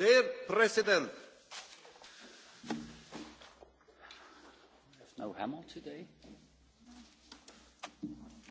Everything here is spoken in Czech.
Dear President. There's no Hamill today.